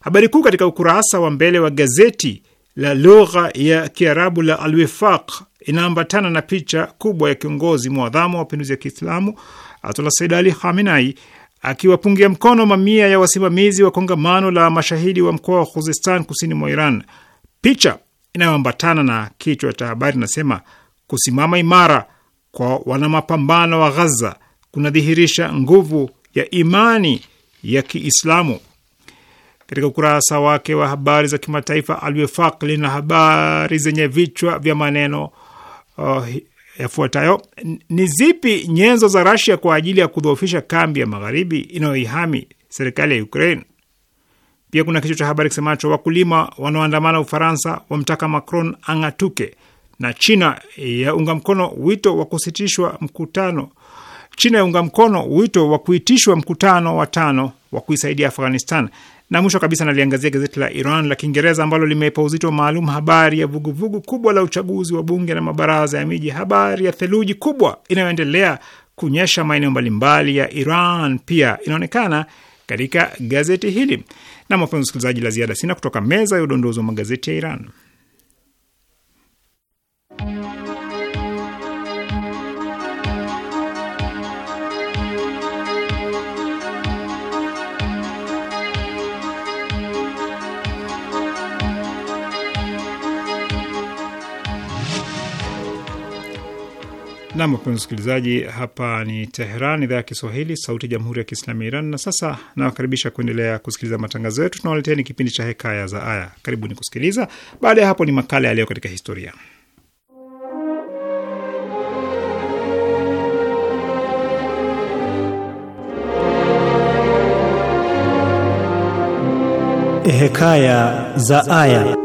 Habari kuu katika ukurasa wa mbele wa gazeti la lugha ya Kiarabu la Alwifaq inaambatana na picha kubwa ya kiongozi mwadhamu wa mapinduzi ya Kiislamu Ayatullah Sayyid Ali Khamenei akiwapungia mkono mamia ya wasimamizi wa kongamano la mashahidi wa mkoa wa Khuzestan kusini mwa Iran. Picha inayoambatana na kichwa cha habari inasema kusimama imara kwa wanamapambano wa Ghaza kunadhihirisha nguvu ya imani ya Kiislamu. Katika ukurasa wake wa habari za kimataifa, Al Wefaq lina habari zenye vichwa vya maneno uh, yafuatayo. Ni zipi nyenzo za Rasia kwa ajili ya kudhoofisha kambi ya magharibi inayoihami serikali ya Ukraine? Pia kuna kichwa cha habari kisemacho wakulima wanaoandamana Ufaransa wamtaka Macron ang'atuke, na China yaunga mkono wito wa kusitishwa mkutano. China yaunga mkono wito wa kuitishwa mkutano wa tano wa kuisaidia Afghanistan. Na mwisho kabisa naliangazia gazeti la Iran la Kiingereza ambalo limeipa uzito maalum habari ya vuguvugu vugu kubwa la uchaguzi wa bunge na mabaraza ya miji, habari ya theluji kubwa inayoendelea kunyesha maeneo mbalimbali ya Iran pia inaonekana katika gazeti hili. Na mapenzi msikilizaji, la ziada sina kutoka meza ya udondozi wa magazeti ya Iran. Nam, wapenzi msikilizaji, hapa ni Teheran, idhaa ya Kiswahili, sauti ya jamhuri ya kiislamu ya Iran. Na sasa nawakaribisha kuendelea kusikiliza matangazo yetu. Tunawaletea ni kipindi cha Hekaya za Aya. Karibuni kusikiliza. Baada ya hapo ni makala yaliyo katika Historia. Hekaya za Aya.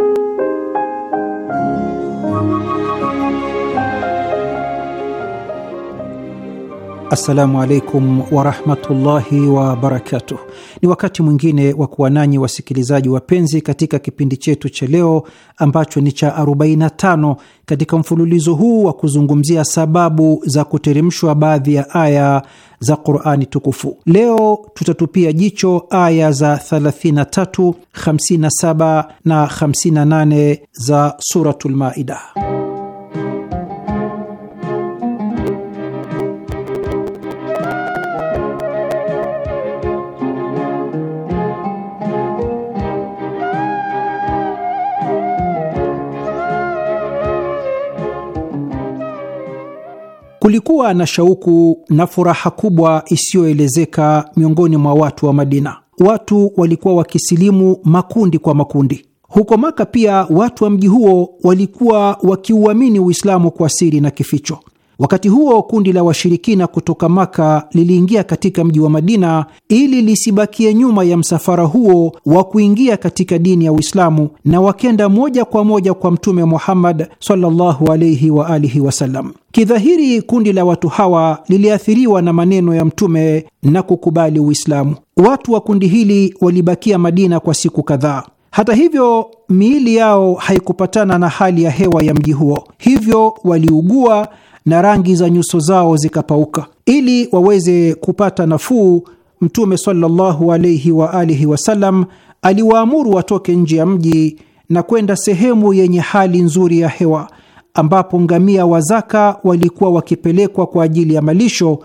Assalamu alaikum warahmatullahi wabarakatuh. Ni wakati mwingine wa kuwa nanyi wasikilizaji wapenzi, katika kipindi chetu cha leo ambacho ni cha 45 katika mfululizo huu wa kuzungumzia sababu za kuteremshwa baadhi ya aya za Qurani tukufu. Leo tutatupia jicho aya za 33, 57 na 58 za Suratul Maida. Kulikuwa na shauku na furaha kubwa isiyoelezeka miongoni mwa watu wa Madina. Watu walikuwa wakisilimu makundi kwa makundi. Huko Maka pia watu wa mji huo walikuwa wakiuamini Uislamu kwa siri na kificho. Wakati huo kundi la washirikina kutoka Maka liliingia katika mji wa Madina ili lisibakie nyuma ya msafara huo wa kuingia katika dini ya Uislamu, na wakenda moja kwa moja kwa Mtume Muhammad sallallahu alaihi wa alihi wasallam. Kidhahiri, kundi la watu hawa liliathiriwa na maneno ya Mtume na kukubali Uislamu. Watu wa kundi hili walibakia Madina kwa siku kadhaa. Hata hivyo miili yao haikupatana na hali ya hewa ya mji huo, hivyo waliugua na rangi za nyuso zao zikapauka. Ili waweze kupata nafuu, Mtume sallallahu alaihi wa alihi wasallam aliwaamuru watoke nje ya mji na kwenda sehemu yenye hali nzuri ya hewa, ambapo ngamia wa zaka walikuwa wakipelekwa kwa ajili ya malisho,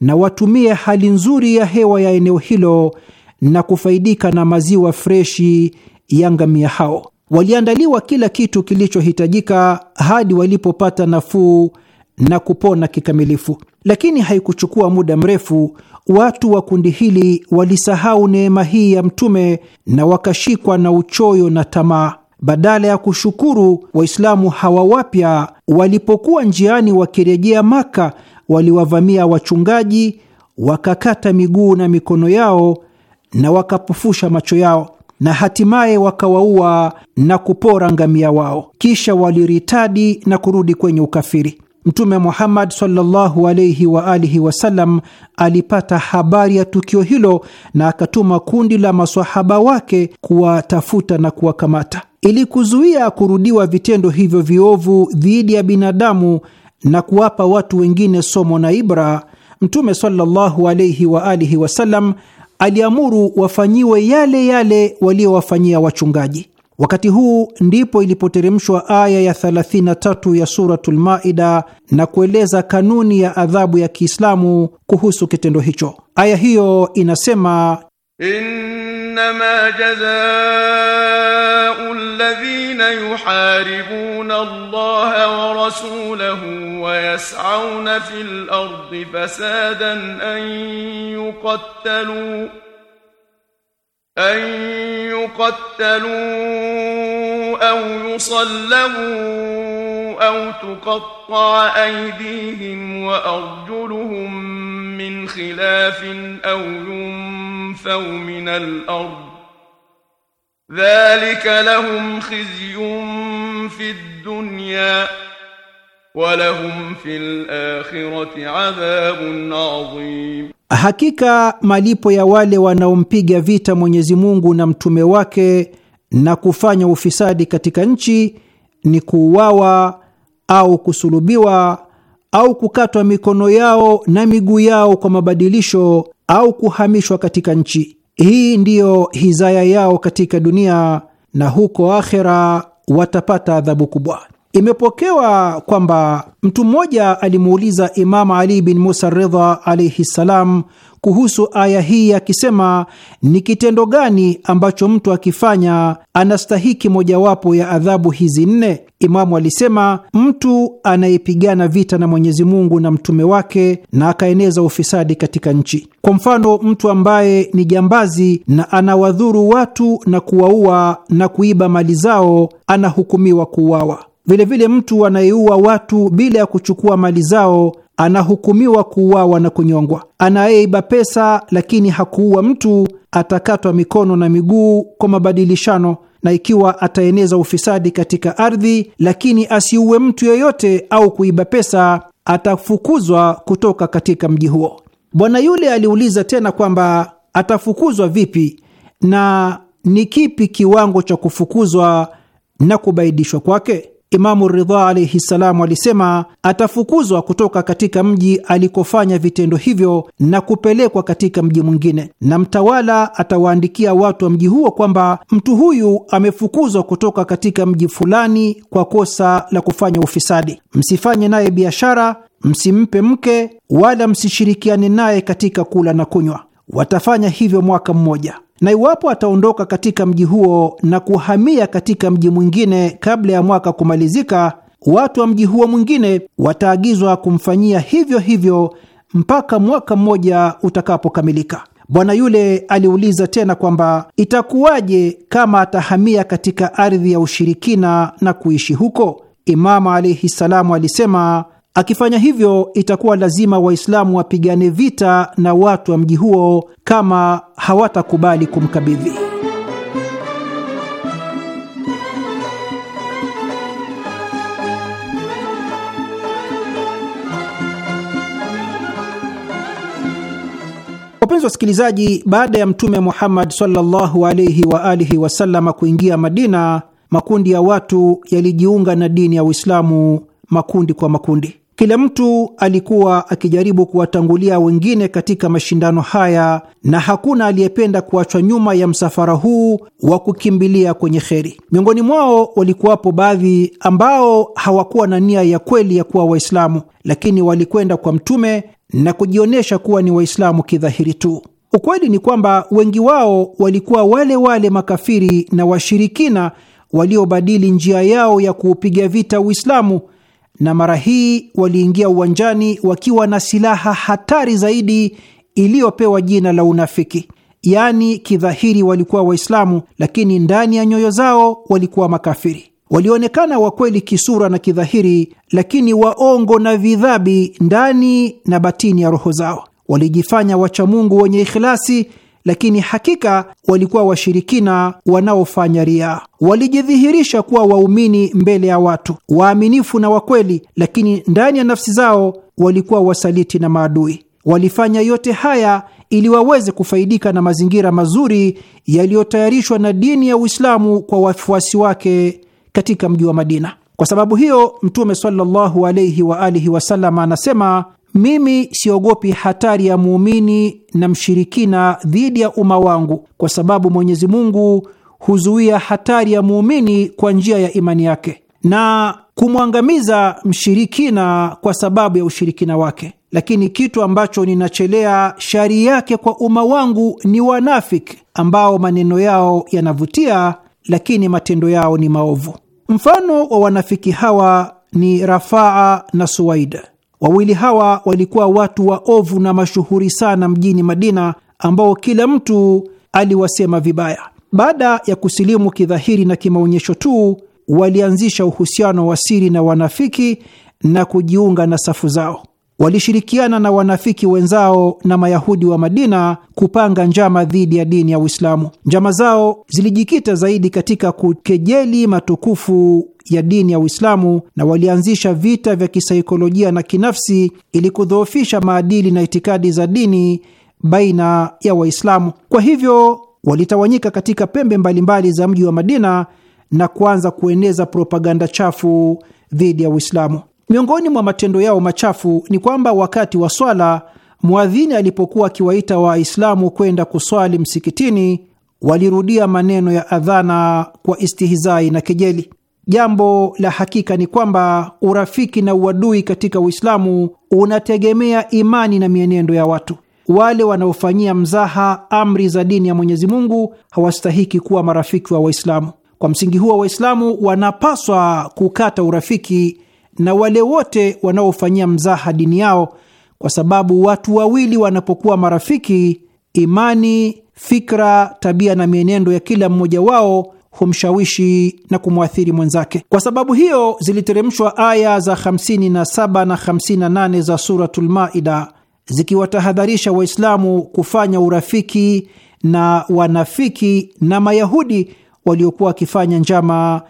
na watumie hali nzuri ya hewa ya eneo hilo na kufaidika na maziwa freshi ya ngamia hao. Waliandaliwa kila kitu kilichohitajika hadi walipopata nafuu na kupona kikamilifu. Lakini haikuchukua muda mrefu, watu wa kundi hili walisahau neema hii ya Mtume na wakashikwa na uchoyo na tamaa. Badala ya kushukuru, Waislamu hawa wapya walipokuwa njiani wakirejea Maka, waliwavamia wachungaji, wakakata miguu na mikono yao na wakapofusha macho yao na hatimaye wakawaua na kupora ngamia wao. Kisha waliritadi na kurudi kwenye ukafiri. Mtume Muhammad sallallahu alaihi wa alihi wasallam alipata habari ya tukio hilo na akatuma kundi la masahaba wake kuwatafuta na kuwakamata ili kuzuia kurudiwa vitendo hivyo viovu dhidi ya binadamu na kuwapa watu wengine somo na ibra. Mtume sallallahu alaihi wa alihi wasallam aliamuru wafanyiwe yale yale waliowafanyia wachungaji. Wakati huu ndipo ilipoteremshwa aya ya 33 ya Suratul Maida na kueleza kanuni ya adhabu ya Kiislamu kuhusu kitendo hicho. Aya hiyo inasema innama jazau alladhina yuharibuna Allaha wa rasulahu wa yas'auna fil ardi fasadan an yuqattalu أن يقتلوا أو يصلبوا أو تقطع أيديهم وأرجلهم من خلاف أو ينفوا من الأرض ذلك لهم خزي في الدنيا ولهم في الآخرة عذاب عظيم Hakika malipo ya wale wanaompiga vita Mwenyezi Mungu na mtume wake na kufanya ufisadi katika nchi ni kuuawa au kusulubiwa au kukatwa mikono yao na miguu yao kwa mabadilisho au kuhamishwa katika nchi. Hii ndiyo hizaya yao katika dunia na huko akhera watapata adhabu kubwa. Imepokewa kwamba mtu mmoja alimuuliza Imamu Ali bin Musa Ridha alaihi ssalam kuhusu aya hii akisema, ni kitendo gani ambacho mtu akifanya anastahiki mojawapo ya adhabu hizi nne? Imamu alisema, mtu anayepigana vita na Mwenyezi Mungu na mtume wake na akaeneza ufisadi katika nchi. Kwa mfano, mtu ambaye ni jambazi na anawadhuru watu na kuwaua na kuiba mali zao anahukumiwa kuuawa. Vilevile vile mtu anayeua watu bila ya kuchukua mali zao anahukumiwa kuuawa na kunyongwa. Anayeiba pesa lakini hakuua mtu atakatwa mikono na miguu kwa mabadilishano, na ikiwa ataeneza ufisadi katika ardhi lakini asiue mtu yeyote au kuiba pesa, atafukuzwa kutoka katika mji huo. Bwana yule aliuliza tena kwamba atafukuzwa vipi na ni kipi kiwango cha kufukuzwa na kubaidishwa kwake. Imamu Ridha alaihi salamu alisema atafukuzwa kutoka katika mji alikofanya vitendo hivyo na kupelekwa katika mji mwingine, na mtawala atawaandikia watu wa mji huo kwamba mtu huyu amefukuzwa kutoka katika mji fulani kwa kosa la kufanya ufisadi. Msifanye naye biashara, msimpe mke, wala msishirikiane naye katika kula na kunywa. Watafanya hivyo mwaka mmoja na iwapo ataondoka katika mji huo na kuhamia katika mji mwingine kabla ya mwaka kumalizika, watu wa mji huo mwingine wataagizwa kumfanyia hivyo hivyo mpaka mwaka mmoja utakapokamilika. Bwana yule aliuliza tena kwamba itakuwaje kama atahamia katika ardhi ya ushirikina na kuishi huko? Imamu alaihi salamu alisema Akifanya hivyo, itakuwa lazima Waislamu wapigane vita na watu wa mji huo kama hawatakubali kumkabidhi. Wapenzi wasikilizaji, baada ya Mtume Muhammad sallallahu alaihi wa alihi wasallama kuingia Madina, makundi ya watu yalijiunga na dini ya Uislamu makundi kwa makundi. Kila mtu alikuwa akijaribu kuwatangulia wengine katika mashindano haya na hakuna aliyependa kuachwa nyuma ya msafara huu wa kukimbilia kwenye kheri. Miongoni mwao walikuwapo baadhi ambao hawakuwa na nia ya kweli ya kuwa Waislamu, lakini walikwenda kwa Mtume na kujionyesha kuwa ni Waislamu kidhahiri tu. Ukweli ni kwamba wengi wao walikuwa wale wale makafiri na washirikina waliobadili njia yao ya kuupiga vita Uislamu na mara hii waliingia uwanjani wakiwa na silaha hatari zaidi iliyopewa jina la unafiki. Yaani, kidhahiri walikuwa Waislamu, lakini ndani ya nyoyo zao walikuwa makafiri. Walionekana wakweli kisura na kidhahiri, lakini waongo na vidhabi ndani na batini ya roho zao. Walijifanya wachamungu wenye ikhilasi lakini hakika walikuwa washirikina wanaofanya riaa. Walijidhihirisha kuwa waumini mbele ya watu, waaminifu na wakweli, lakini ndani ya nafsi zao walikuwa wasaliti na maadui. Walifanya yote haya ili waweze kufaidika na mazingira mazuri yaliyotayarishwa na dini ya Uislamu kwa wafuasi wake katika mji wa Madina. Kwa sababu hiyo, Mtume sallallahu alaihi waalihi wasallam anasema mimi siogopi hatari ya muumini na mshirikina dhidi ya umma wangu, kwa sababu Mwenyezi Mungu huzuia hatari ya muumini kwa njia ya imani yake na kumwangamiza mshirikina kwa sababu ya ushirikina wake. Lakini kitu ambacho ninachelea shari yake kwa umma wangu ni wanafiki ambao maneno yao yanavutia, lakini matendo yao ni maovu. Mfano wa wanafiki hawa ni Rafaa na Suwaida. Wawili hawa walikuwa watu waovu na mashuhuri sana mjini Madina, ambao kila mtu aliwasema vibaya. Baada ya kusilimu kidhahiri na kimaonyesho tu, walianzisha uhusiano wa siri na wanafiki na kujiunga na safu zao walishirikiana na wanafiki wenzao na Mayahudi wa Madina kupanga njama dhidi ya dini ya Uislamu. Njama zao zilijikita zaidi katika kukejeli matukufu ya dini ya Uislamu na walianzisha vita vya kisaikolojia na kinafsi ili kudhoofisha maadili na itikadi za dini baina ya Waislamu. Kwa hivyo walitawanyika katika pembe mbalimbali za mji wa Madina na kuanza kueneza propaganda chafu dhidi ya Uislamu. Miongoni mwa matendo yao machafu ni kwamba wakati wa swala, mwadhini alipokuwa akiwaita Waislamu kwenda kuswali msikitini, walirudia maneno ya adhana kwa istihizai na kejeli. Jambo la hakika ni kwamba urafiki na uadui katika Uislamu unategemea imani na mienendo ya watu. Wale wanaofanyia mzaha amri za dini ya Mwenyezi Mungu hawastahiki kuwa marafiki wa Waislamu. Kwa msingi huo, Waislamu wanapaswa kukata urafiki na wale wote wanaofanyia mzaha dini yao, kwa sababu watu wawili wanapokuwa marafiki, imani, fikra, tabia na mienendo ya kila mmoja wao humshawishi na kumwathiri mwenzake. Kwa sababu hiyo ziliteremshwa aya za 57 na 58 za Suratul Maida zikiwatahadharisha Waislamu kufanya urafiki na wanafiki na Mayahudi waliokuwa wakifanya njama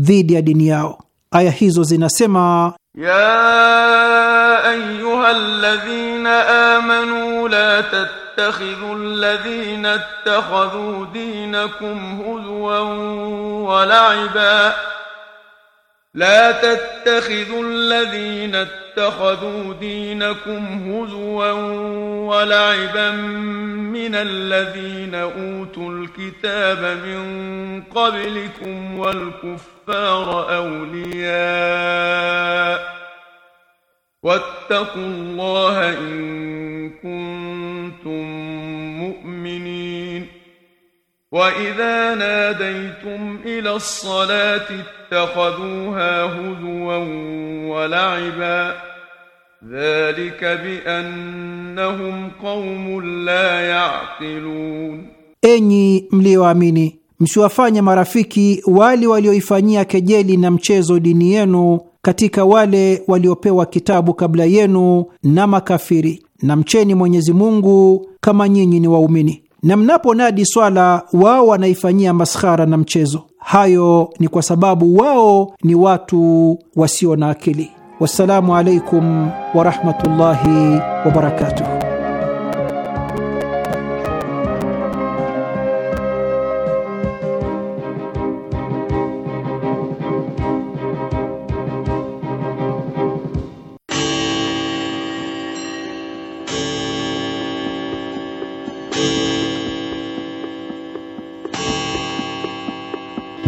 dhidi ya dini yao. Aya hizo zinasema: ya ayuha alladhina amanu la tattakhidhu alladhina ittakhadhu dinakum huzwan wa la'iba لا تتخذوا الذين اتخذوا دينكم هزوا ولعبا من الذين أوتوا الكتاب من قبلكم والكفار أولياء واتقوا الله إن كنتم مؤمنين واذا ناديتم الى الصلاه اتخذوها هزوا ولعبا ذلك بانهم قوم la yaqilun enyi mliyoamini msiwafanye marafiki wale walioifanyia kejeli na mchezo dini yenu katika wale waliopewa kitabu kabla yenu na makafiri na mcheni Mwenyezi Mungu kama nyinyi ni waumini na mnaponadi swala wao wanaifanyia maskhara na mchezo. Hayo ni kwa sababu wao ni watu wasio na akili. Wassalamu alaikum warahmatullahi wabarakatuh.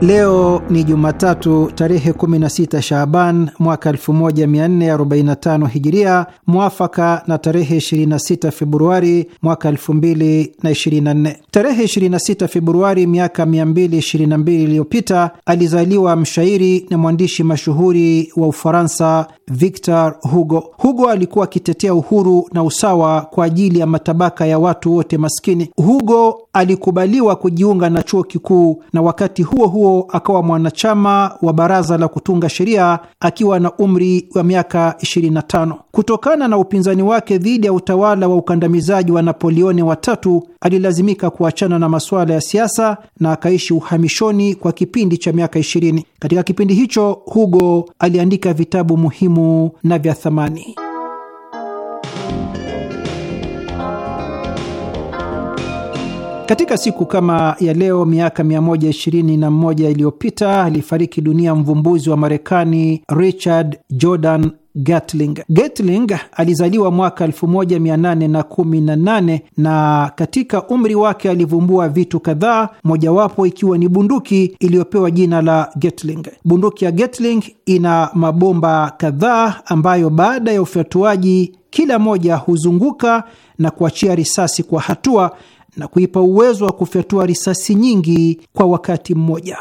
Leo ni Jumatatu tarehe 16 Shaaban mwaka 1445 Hijiria, mwafaka na tarehe 26 Februari mwaka 2024. Tarehe 26 Februari miaka 222 iliyopita alizaliwa mshairi na mwandishi mashuhuri wa Ufaransa Victor Hugo. Hugo alikuwa akitetea uhuru na usawa kwa ajili ya matabaka ya watu wote maskini. Hugo alikubaliwa kujiunga na chuo kikuu na wakati huo huo huo akawa mwanachama wa baraza la kutunga sheria akiwa na umri wa miaka 25. Kutokana na upinzani wake dhidi ya utawala wa ukandamizaji wa Napoleoni watatu, alilazimika kuachana na masuala ya siasa na akaishi uhamishoni kwa kipindi cha miaka 20. Katika kipindi hicho, Hugo aliandika vitabu muhimu na vya thamani. Katika siku kama ya leo miaka 121 iliyopita alifariki dunia mvumbuzi wa Marekani Richard Jordan Gatling. Gatling alizaliwa mwaka 1818 na katika umri wake alivumbua vitu kadhaa, mojawapo ikiwa ni bunduki iliyopewa jina la Gatling. Bunduki ya Gatling ina mabomba kadhaa ambayo baada ya ufyatuaji kila moja huzunguka na kuachia risasi kwa hatua na kuipa uwezo wa kufyatua risasi nyingi kwa wakati mmoja.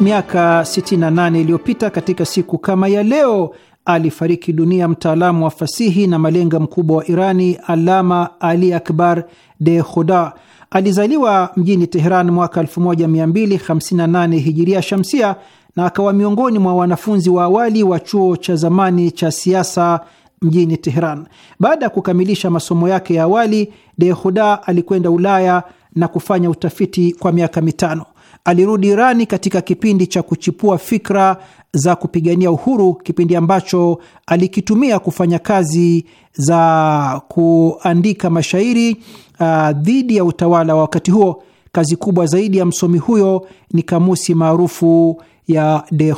Miaka 68 iliyopita katika siku kama ya leo alifariki dunia mtaalamu wa fasihi na malenga mkubwa wa Irani, Alama Ali Akbar de Khuda. Alizaliwa mjini Teheran mwaka 1258 hijiria shamsia na akawa miongoni mwa wanafunzi wa awali wa chuo cha zamani cha siasa mjini Teheran. Baada ya kukamilisha masomo yake ya awali, de Khuda alikwenda Ulaya na kufanya utafiti kwa miaka mitano. Alirudi Irani katika kipindi cha kuchipua fikra za kupigania uhuru, kipindi ambacho alikitumia kufanya kazi za kuandika mashairi uh, dhidi ya utawala wa wakati huo. Kazi kubwa zaidi ya msomi huyo ni kamusi maarufu ya De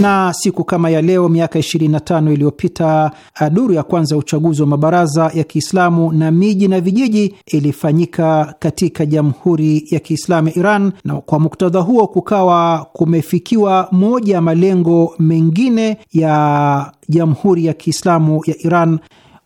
Na siku kama ya leo miaka 25 iliyopita ah, duru ya kwanza ya uchaguzi wa mabaraza ya Kiislamu na miji na vijiji ilifanyika katika Jamhuri ya Kiislamu ya Iran, na kwa muktadha huo kukawa kumefikiwa moja ya malengo mengine ya Jamhuri ya Kiislamu ya Iran,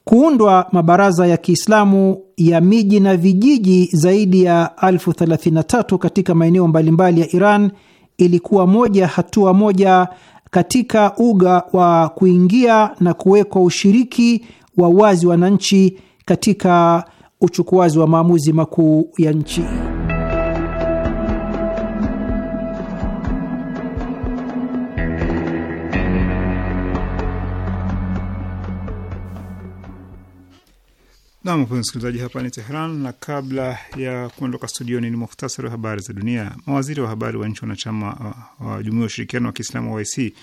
kuundwa mabaraza ya Kiislamu ya miji na vijiji zaidi ya elfu 33 katika maeneo mbalimbali ya Iran. Ilikuwa moja hatua moja katika uga wa kuingia na kuwekwa ushiriki wa wazi wananchi katika uchukuazi wa maamuzi makuu ya nchi. mpenzi msikilizaji, hapa ni Tehran, na kabla ya kuondoka studioni ni muhtasari wa habari za dunia. Mawaziri wa habari wa nchi wanachama wa jumuia ya Ushirikiano wa Kiislamu wa OIC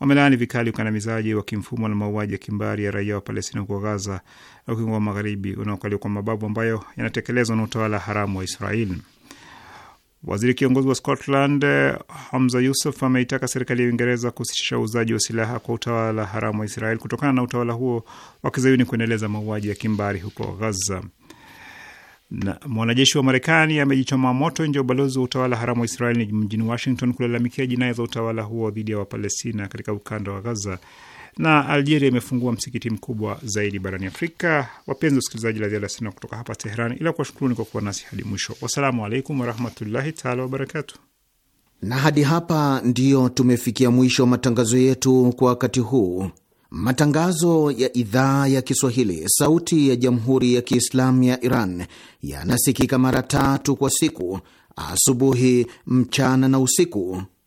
wamelaani vikali ukandamizaji wa kimfumo na mauaji ya kimbari ya raia wa Palestina huko Gaza na Ukingo wa Magharibi unaokaliwa kwa mabavu ambayo yanatekelezwa na utawala haramu wa Israeli. Waziri kiongozi wa Scotland Hamza Yusuf ameitaka serikali ya Uingereza kusitisha uuzaji wa silaha kwa utawala haramu wa Israel kutokana na utawala huo wa kizayuni kuendeleza mauaji ya kimbari huko Gaza. Na mwanajeshi wa Marekani amejichoma moto nje ya ubalozi wa utawala haramu wa Israel mjini Washington kulalamikia jinai za utawala huo dhidi ya Wapalestina katika ukanda wa Gaza na Algeria imefungua msikiti mkubwa zaidi barani Afrika. Wapenzi wasikilizaji, la ziada sina kutoka hapa Teheran, ila kuwashukuruni kwa kuwa nasi hadi mwisho. Wassalamu alaikum warahmatullahi taala wabarakatu. Na hadi hapa ndiyo tumefikia mwisho wa matangazo yetu kwa wakati huu. Matangazo ya idhaa ya Kiswahili sauti ya jamhuri ya Kiislamu ya Iran yanasikika mara tatu kwa siku: asubuhi, mchana na usiku